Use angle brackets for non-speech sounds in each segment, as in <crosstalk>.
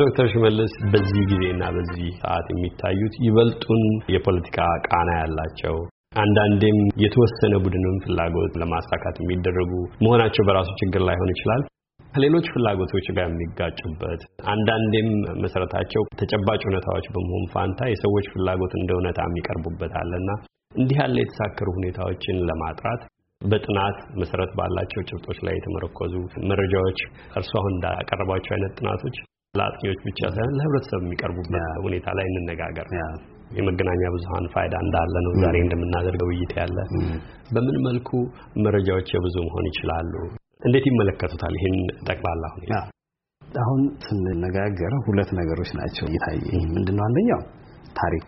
ዶክተር ሽመልስ በዚህ ጊዜና በዚህ ሰዓት የሚታዩት ይበልጡን የፖለቲካ ቃና ያላቸው አንዳንዴም የተወሰነ ቡድንን ፍላጎት ለማሳካት የሚደረጉ መሆናቸው በራሱ ችግር ላይሆን ይችላል ከሌሎች ፍላጎቶች ጋር የሚጋጩበት አንዳንዴም መሰረታቸው ተጨባጭ እውነታዎች በመሆን ፋንታ የሰዎች ፍላጎት እንደ እውነታ የሚቀርቡበት አለና እንዲህ ያለ የተሳከሩ ሁኔታዎችን ለማጥራት በጥናት መሰረት ባላቸው ጭብጦች ላይ የተመረኮዙ መረጃዎች እርሱ አሁን እንዳቀረባቸው አይነት ጥናቶች ለአጥኚዎች ብቻ ሳይሆን ለህብረተሰብ የሚቀርቡበት ሁኔታ ላይ እንነጋገር። የመገናኛ ብዙሃን ፋይዳ እንዳለ ነው ዛሬ እንደምናደርገው ውይይት ያለ። በምን መልኩ መረጃዎች የብዙ መሆን ይችላሉ? እንዴት ይመለከቱታል? ይህን ጠቅላላ ሁኔታ አሁን ስንነጋገር ሁለት ነገሮች ናቸው እየታየ ምንድነው? አንደኛው ታሪክ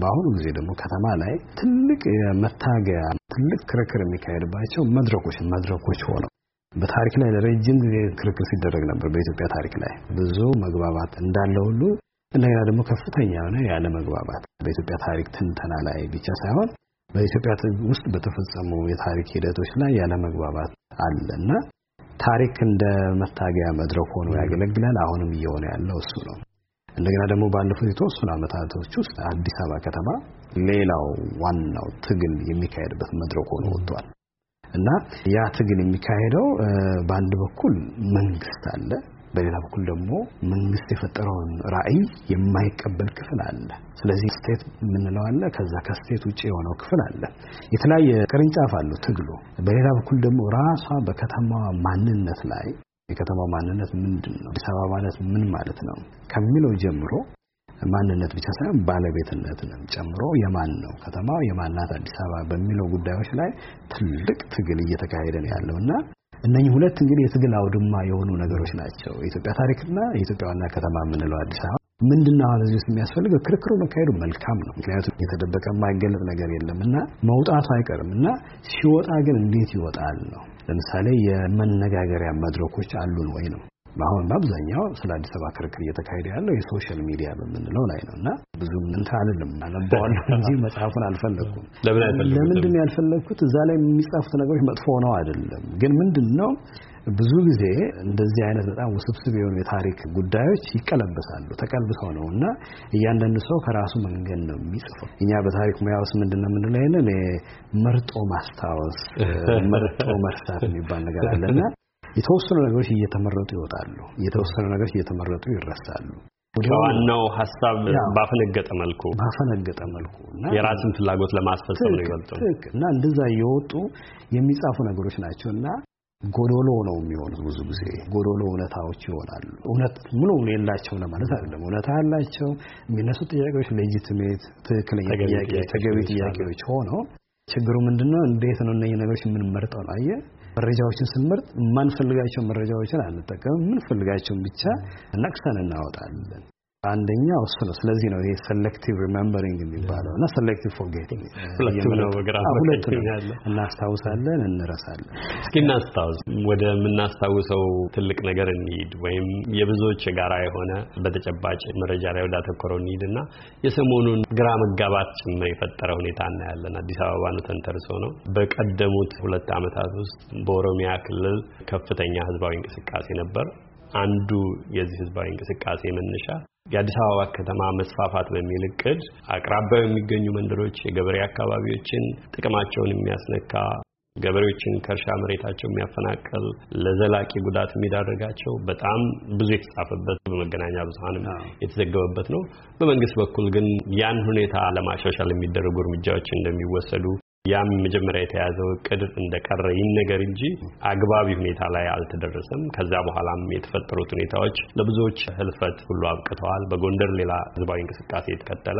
በአሁኑ ጊዜ ደግሞ ከተማ ላይ ትልቅ መታገያ፣ ትልቅ ክርክር የሚካሄድባቸው መድረኮች መድረኮች ሆነው በታሪክ ላይ ለረጅም ጊዜ ክርክር ሲደረግ ነበር። በኢትዮጵያ ታሪክ ላይ ብዙ መግባባት እንዳለ ሁሉ እንደገና ደግሞ ከፍተኛ የሆነ ያለ መግባባት በኢትዮጵያ ታሪክ ትንተና ላይ ብቻ ሳይሆን በኢትዮጵያ ውስጥ በተፈጸሙ የታሪክ ሂደቶች ላይ ያለ መግባባት አለ እና ታሪክ እንደ መታገያ መድረክ ሆኖ ያገለግላል። አሁንም እየሆነ ያለው እሱ ነው። እንደገና ደግሞ ባለፉት የተወሰኑ ዓመታቶች ውስጥ አዲስ አበባ ከተማ ሌላው ዋናው ትግል የሚካሄድበት መድረክ ሆኖ ወጥቷል። እና ያ ትግል የሚካሄደው በአንድ በኩል መንግስት አለ፣ በሌላ በኩል ደግሞ መንግስት የፈጠረውን ራዕይ የማይቀበል ክፍል አለ። ስለዚህ ስቴት የምንለው አለ። ከዛ ከስቴት ውጭ የሆነው ክፍል አለ። የተለያየ ቅርንጫፍ አለው ትግሉ። በሌላ በኩል ደግሞ ራሷ በከተማዋ ማንነት ላይ የከተማ ማንነት ምንድን ነው? አዲስ አበባ ማለት ምን ማለት ነው? ከሚለው ጀምሮ ማንነት ብቻ ሳይሆን ባለቤትነትንም ጨምሮ የማን ነው ከተማው የማን ናት አዲስ አበባ በሚለው ጉዳዮች ላይ ትልቅ ትግል እየተካሄደ ነው ያለውና እነኚህ ሁለት እንግዲህ የትግል አውድማ የሆኑ ነገሮች ናቸው። የኢትዮጵያ ታሪክና የኢትዮጵያ ዋና ከተማ የምንለው አዲስ አበባ ምንድነው እዚህ የሚያስፈልገው? ክርክሩ መካሄዱ መልካም ነው። ምክንያቱም የተደበቀ የማይገለጥ ነገር የለም እና መውጣቱ አይቀርም እና ሲወጣ ግን እንዴት ይወጣል ነው። ለምሳሌ የመነጋገሪያ መድረኮች አሉን ወይ ነው። አሁን በአብዛኛው ስለ አዲስ አበባ ክርክር እየተካሄደ ያለው የሶሻል ሚዲያ በምንለው ላይ ነው እና ብዙም እንትን አይደለም እናነባዋለሁ <laughs> እንጂ መጽሐፉን አልፈለግኩም። ለምንድን ነው ያልፈለግኩት? እዛ ላይ የሚጻፉት ነገሮች መጥፎ ነው አይደለም፣ ግን ምንድን ነው ብዙ ጊዜ እንደዚህ አይነት በጣም ውስብስብ የሆኑ የታሪክ ጉዳዮች ይቀለበሳሉ ተቀልብሰው ነው እና እያንዳንዱ ሰው ከራሱ መንገድ ነው የሚጽፈው። እኛ በታሪክ ሙያ ውስጥ ምንድን ነው የምንለው ይሄንን መርጦ ማስታወስ፣ መርጦ <laughs> መርሳት የሚባል ነገር አለና የተወሰኑ ነገሮች እየተመረጡ ይወጣሉ፣ የተወሰኑ ነገሮች እየተመረጡ ይረሳሉ። ዋናው ሀሳብ ባፈነገጠ መልኩ ባፈነገጠ መልኩ እና የራስን ፍላጎት ለማስፈጸም ነው ይበልጡ እና እንደዛ እየወጡ የሚጻፉ ነገሮች ናቸው እና ጎዶሎ ነው የሚሆኑት። ብዙ ጊዜ ጎዶሎ እውነታዎች ይሆናሉ። እውነት ሙሉ የላቸው ለማለት አይደለም። እውነታ ያላቸው የሚነሱ ጥያቄዎች ሌጂቲሜት፣ ትክክለኛ ጥያቄ፣ ተገቢ ጥያቄዎች ሆነው ችግሩ ምንድነው? እንዴት ነው እነዚህ ነገሮች የምንመርጠው ነው? አየህ መረጃዎችን ስንመርጥ የማንፈልጋቸው መረጃዎችን አንጠቀምም። የምንፈልጋቸውን ብቻ ነቅሰን እናወጣለን። አንደኛው እሱ ነው። ስለዚህ ነው ይሄ ሴሌክቲቭ ሪሜምበሪንግ የሚባለው እና ሴሌክቲቭ ፎርጌቲንግ ሁለቱም እናስታውሳለን፣ እንረሳለን። እስኪ እናስታውስ፣ ወደ የምናስታውሰው ትልቅ ነገር እንሂድ፣ ወይም የብዙዎች የጋራ የሆነ በተጨባጭ መረጃ ላይ ወዳተኮረው እንሂድና የሰሞኑን ግራ መጋባት ጭምር የፈጠረ ሁኔታ እናያለን። አዲስ አበባ ነው ተንተርሶ ነው። በቀደሙት ሁለት ዓመታት ውስጥ በኦሮሚያ ክልል ከፍተኛ ህዝባዊ እንቅስቃሴ ነበር። አንዱ የዚህ ህዝባዊ እንቅስቃሴ መነሻ የአዲስ አበባ ከተማ መስፋፋት በሚል እቅድ አቅራቢያው የሚገኙ መንደሮች የገበሬ አካባቢዎችን ጥቅማቸውን የሚያስነካ ገበሬዎችን ከእርሻ መሬታቸው የሚያፈናቅል ለዘላቂ ጉዳት የሚዳርጋቸው በጣም ብዙ የተጻፈበት በመገናኛ ብዙኃንም የተዘገበበት ነው። በመንግስት በኩል ግን ያን ሁኔታ ለማሻሻል የሚደረጉ እርምጃዎች እንደሚወሰዱ ያም መጀመሪያ የተያዘው እቅድ እንደቀረ ይነገር እንጂ አግባቢ ሁኔታ ላይ አልተደረሰም። ከዛ በኋላም የተፈጠሩት ሁኔታዎች ለብዙዎች ህልፈት ሁሉ አብቅተዋል። በጎንደር ሌላ ህዝባዊ እንቅስቃሴ የተከተለ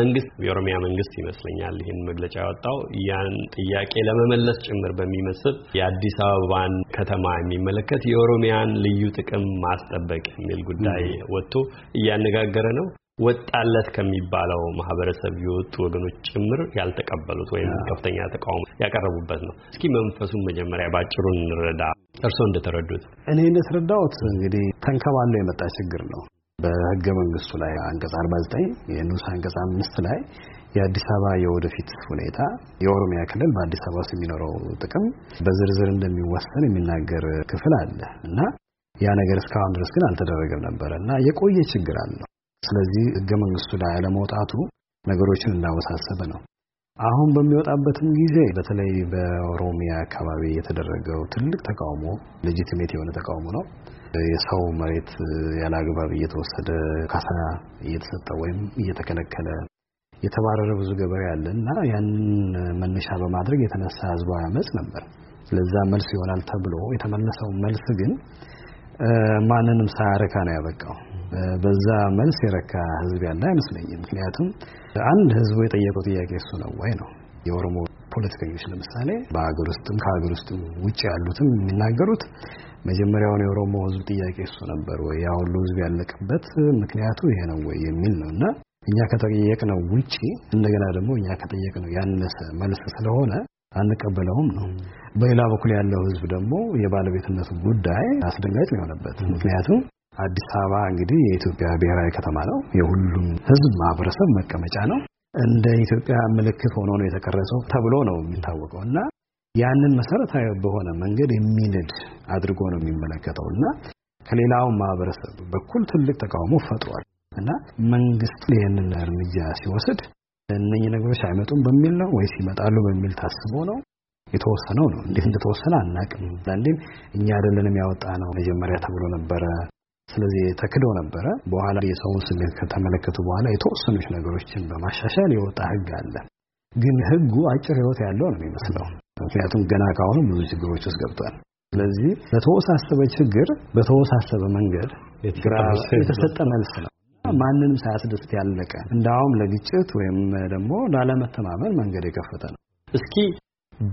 መንግስት፣ የኦሮሚያ መንግስት ይመስለኛል ይህን መግለጫ ያወጣው ያን ጥያቄ ለመመለስ ጭምር በሚመስል የአዲስ አበባን ከተማ የሚመለከት የኦሮሚያን ልዩ ጥቅም ማስጠበቅ የሚል ጉዳይ ወጥቶ እያነጋገረ ነው። ወጣለት ከሚባለው ማህበረሰብ የወጡ ወገኖች ጭምር ያልተቀበሉት ወይም ከፍተኛ ተቃውሞ ያቀረቡበት ነው። እስኪ መንፈሱን መጀመሪያ ባጭሩ እንረዳ። እርስዎ እንደተረዱት እኔ እንደተረዳሁት እንግዲህ ተንከባሎ የመጣ ችግር ነው። በህገ መንግስቱ ላይ አንቀጽ 49 የንዑስ አንቀጽ አምስት ላይ የአዲስ አበባ የወደፊት ሁኔታ የኦሮሚያ ክልል በአዲስ አበባ ውስጥ የሚኖረው ጥቅም በዝርዝር እንደሚወሰን የሚናገር ክፍል አለ እና ያ ነገር እስካሁን ድረስ ግን አልተደረገም ነበረ እና የቆየ ችግር አለው። ስለዚህ ህገ መንግስቱ ላይ አለመውጣቱ ነገሮችን እንዳወሳሰበ ነው። አሁን በሚወጣበትም ጊዜ በተለይ በኦሮሚያ አካባቢ የተደረገው ትልቅ ተቃውሞ ሌጂቲሜት የሆነ ተቃውሞ ነው። የሰው መሬት ያለ አግባብ እየተወሰደ ካሳ እየተሰጠ ወይም እየተከለከለ የተባረረ ብዙ ገበሬ አለ እና ያንን መነሻ በማድረግ የተነሳ ህዝባዊ አመፅ ነበር። ለዛ መልስ ይሆናል ተብሎ የተመለሰው መልስ ግን ማንንም ሳያረካ ነው ያበቃው። በዛ መልስ የረካ ህዝብ ያለ አይመስለኝም። ምክንያቱም አንድ ህዝቡ የጠየቀው ጥያቄ እሱ ነው ወይ ነው። የኦሮሞ ፖለቲከኞች ለምሳሌ በሀገር ውስጥም ከሀገር ውስጥም ውጭ ያሉትም የሚናገሩት መጀመሪያውን የኦሮሞ ህዝብ ጥያቄ እሱ ነበር ወይ ያ ሁሉ ህዝብ ያለቅበት ምክንያቱ ይሄ ነው ወይ የሚል ነው እና እኛ ከጠየቅነው ውጪ እንደገና ደግሞ እኛ ከጠየቅነው ያነሰ መልስ ስለሆነ አንቀበለውም ነው። በሌላ በኩል ያለው ህዝብ ደግሞ የባለቤትነቱ ጉዳይ አስደንጋጭ የሆነበት ምክንያቱም አዲስ አበባ እንግዲህ የኢትዮጵያ ብሔራዊ ከተማ ነው። የሁሉም ህዝብ ማህበረሰብ መቀመጫ ነው። እንደ ኢትዮጵያ ምልክት ሆኖ ነው የተቀረጸው ተብሎ ነው የሚታወቀው እና ያንን መሰረታዊ በሆነ መንገድ የሚንድ አድርጎ ነው የሚመለከተው እና ከሌላው ማህበረሰብ በኩል ትልቅ ተቃውሞ ፈጥሯል እና መንግስት ይህንን እርምጃ ሲወስድ እነኚህ ነገሮች አይመጡም በሚል ነው ወይስ ይመጣሉ በሚል ታስቦ ነው የተወሰነው ነው? እንዴት እንደተወሰነ አናቅም። አንዳንዴም እኛ አይደለንም ያወጣ ነው መጀመሪያ ተብሎ ነበረ። ስለዚህ ተክደው ነበረ። በኋላ የሰውን ስሜት ከተመለከቱ በኋላ የተወሰኑች ነገሮችን በማሻሻል የወጣ ህግ አለ። ግን ህጉ አጭር ህይወት ያለው ነው የሚመስለው። ምክንያቱም ገና ካሁኑ ብዙ ችግሮች ውስጥ ገብቷል። ስለዚህ ለተወሳሰበ ችግር በተወሳሰበ መንገድ የተሰጠ መልስ ነው። ማንንም ሳያስደስት ያለቀ እንዳውም ለግጭት ወይም ደግሞ ላለመተማመን መንገድ የከፈተ ነው። እስኪ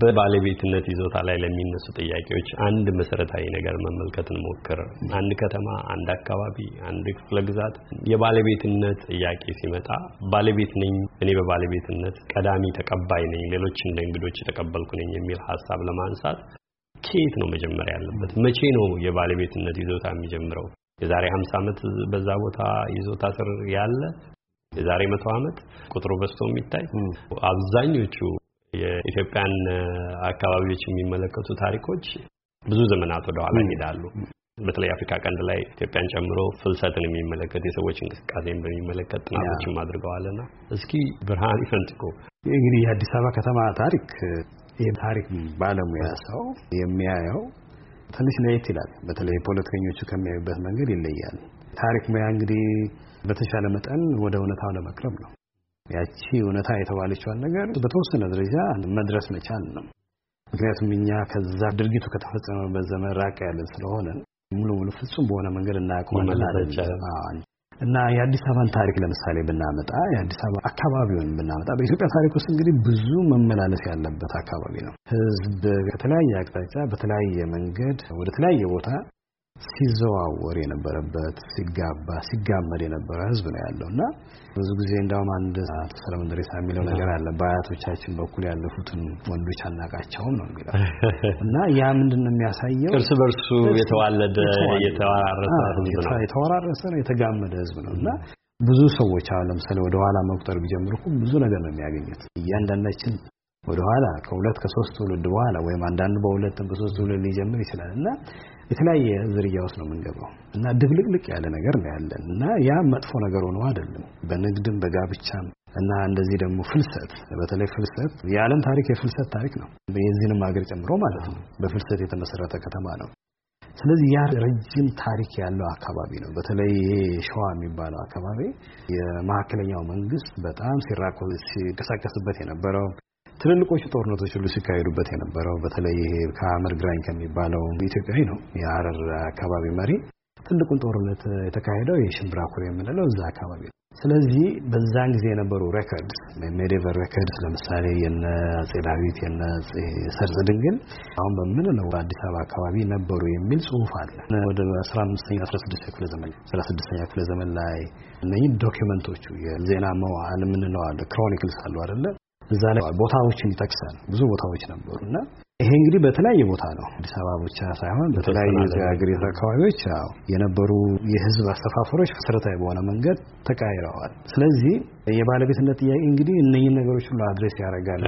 በባለቤትነት ይዞታ ላይ ለሚነሱ ጥያቄዎች አንድ መሰረታዊ ነገር መመልከትን ሞክር። አንድ ከተማ፣ አንድ አካባቢ፣ አንድ ክፍለ ግዛት የባለቤትነት ጥያቄ ሲመጣ ባለቤት ነኝ እኔ በባለቤትነት ቀዳሚ ተቀባይ ነኝ፣ ሌሎች እንደ እንግዶች የተቀበልኩ ነኝ የሚል ሀሳብ ለማንሳት ከየት ነው መጀመሪያ ያለበት? መቼ ነው የባለቤትነት ይዞታ የሚጀምረው? የዛሬ 50 ዓመት በዛ ቦታ ይዞታ ስር ያለ የዛሬ መቶ ዓመት ቁጥሩ በዝቶ የሚታይ አብዛኞቹ የኢትዮጵያን አካባቢዎች የሚመለከቱ ታሪኮች ብዙ ዘመናት ወደ ኋላ ይሄዳሉ። በተለይ አፍሪካ ቀንድ ላይ ኢትዮጵያን ጨምሮ ፍልሰትን የሚመለከት የሰዎች እንቅስቃሴን በሚመለከት ጥናቶችም አድርገዋልና እስኪ ብርሃን ይፈንጥቁ እንግዲህ የአዲስ አበባ ከተማ ታሪክ የታሪክ ባለሙያ ሰው የሚያየው ትንሽ ለየት ይላል። በተለይ ፖለቲከኞቹ ከሚያዩበት መንገድ ይለያል። ታሪክ ሙያ እንግዲህ በተሻለ መጠን ወደ እውነታው ለመቅረብ ነው። ያቺ እውነታ የተባለችዋን ነገር በተወሰነ ደረጃ መድረስ መቻል ነው። ምክንያቱም እኛ ከዛ ድርጊቱ ከተፈጸመበት ዘመን ራቅ ያለን ስለሆነ ሙሉ ሙሉ ፍጹም በሆነ መንገድ እናያቆመናል። እና የአዲስ አበባን ታሪክ ለምሳሌ ብናመጣ የአዲስ አበባ አካባቢውን ብናመጣ በኢትዮጵያ ታሪክ ውስጥ እንግዲህ ብዙ መመላለስ ያለበት አካባቢ ነው። ሕዝብ ከተለያየ አቅጣጫ በተለያየ መንገድ ወደ ተለያየ ቦታ ሲዘዋወር የነበረበት ሲጋባ ሲጋመድ የነበረ ህዝብ ነው ያለው እና ብዙ ጊዜ እንዳሁም አንድ አቶ ሰለሞን ደሬሳ የሚለው ነገር አለ። በአያቶቻችን በኩል ያለፉትን ወንዶች አናቃቸውም ነው የሚለው እና ያ ምንድን ነው የሚያሳየው? እርስ በርሱ የተዋለደ የተወራረሰ ነው የተወራረሰ ነው የተጋመደ ህዝብ ነው እና ብዙ ሰዎች አሁን ለምሳሌ ወደ ኋላ መቁጠር ቢጀምሩ ብዙ ነገር ነው የሚያገኙት። እያንዳንዳችን ወደ ኋላ ከሁለት ከሶስት ትውልድ በኋላ ወይም አንዳንድ በሁለትም በሶስት ትውልድ ሊጀምር ይችላል እና የተለያየ ዝርያ ውስጥ ነው የምንገባው እና ድብልቅልቅ ያለ ነገር ነው ያለን እና ያ መጥፎ ነገር ሆኖ አይደለም። በንግድም በጋብቻም እና እንደዚህ ደግሞ ፍልሰት፣ በተለይ ፍልሰት የዓለም ታሪክ የፍልሰት ታሪክ ነው፣ የዚህንም ሀገር ጨምሮ ማለት ነው። በፍልሰት የተመሰረተ ከተማ ነው። ስለዚህ ያ ረጅም ታሪክ ያለው አካባቢ ነው። በተለይ ይሄ ሸዋ የሚባለው አካባቢ የመካከለኛው መንግስት በጣም ሲራኮ ሲንቀሳቀስበት የነበረው ትልልቆቹ ጦርነቶች ሁሉ ሲካሄዱበት የነበረው በተለይ ይሄ ከአመር ግራኝ ከሚባለው ኢትዮጵያዊ ነው የአረር አካባቢ መሪ ትልቁን ጦርነት የተካሄደው የሽምብራ ኩሬ የምንለው እዛ አካባቢ ነው። ስለዚህ በዛን ጊዜ የነበሩ ሬከርድስ ሜዲቨር ሬከርድስ ለምሳሌ የነ አጼ ዳዊት የነ ሰርጽ ድንግል አሁን በምንለው በአዲስ አበባ አካባቢ ነበሩ የሚል ጽሁፍ አለ። ወደ 15ኛ 16 ክፍለ ዘመን 36ኛ ክፍለ ዘመን ላይ እነህ ዶኪመንቶቹ የዜና መዋዕል የምንለው አለ ክሮኒክልስ አሉ አይደለ እዛ ላይ ቦታዎችን ይጠቅሳል። ብዙ ቦታዎች ነበሩ እና ይሄ እንግዲህ በተለያየ ቦታ ነው፣ አዲስ አበባ ብቻ ሳይሆን በተለያዩ የሀገሪቱ አካባቢዎች የነበሩ የህዝብ አስተፋፈሮች መሰረታዊ በሆነ መንገድ ተቃይረዋል። ስለዚህ የባለቤትነት ጥያቄ እንግዲህ እነኝን ነገሮች ሁሉ አድሬስ ያደርጋል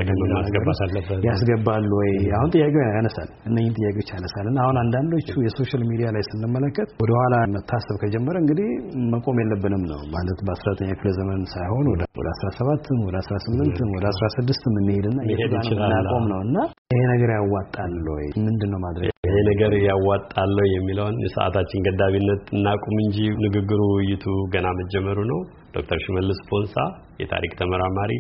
ያስገባል ወይ አሁን ጥያቄው ያነሳል እነኝን ጥያቄዎች ያነሳል እና አሁን አንዳንዶቹ የሶሻል ሚዲያ ላይ ስንመለከት ወደኋላ መታሰብ ከጀመረ እንግዲህ መቆም የለብንም ነው ማለት በ19 ክፍለ ዘመን ሳይሆን ወደ 17 ወደ 18 ወደ 16 የምንሄድና የምናቆም ነው እና ይሄ ነገር ያዋጣል ወይ ምንድን ነው ማድረግ ይሄ ነገር ያዋጣል የሚለውን የሰዓታችን ገዳቢነት እናቁም እንጂ ንግግሩ ውይይቱ ገና መጀመሩ ነው ዶክተር ሽመልስ ፖልሳ የታሪክ ተመራማሪ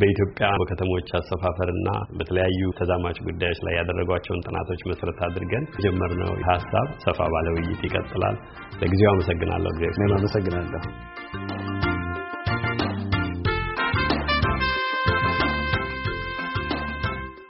በኢትዮጵያ በከተሞች አሰፋፈርና በተለያዩ ተዛማች ጉዳዮች ላይ ያደረጓቸውን ጥናቶች መሰረት አድርገን የጀመርነው ሀሳብ ሰፋ ባለ ውይይት ይቀጥላል። ለጊዜው አመሰግናለሁ። አመሰግናለሁ።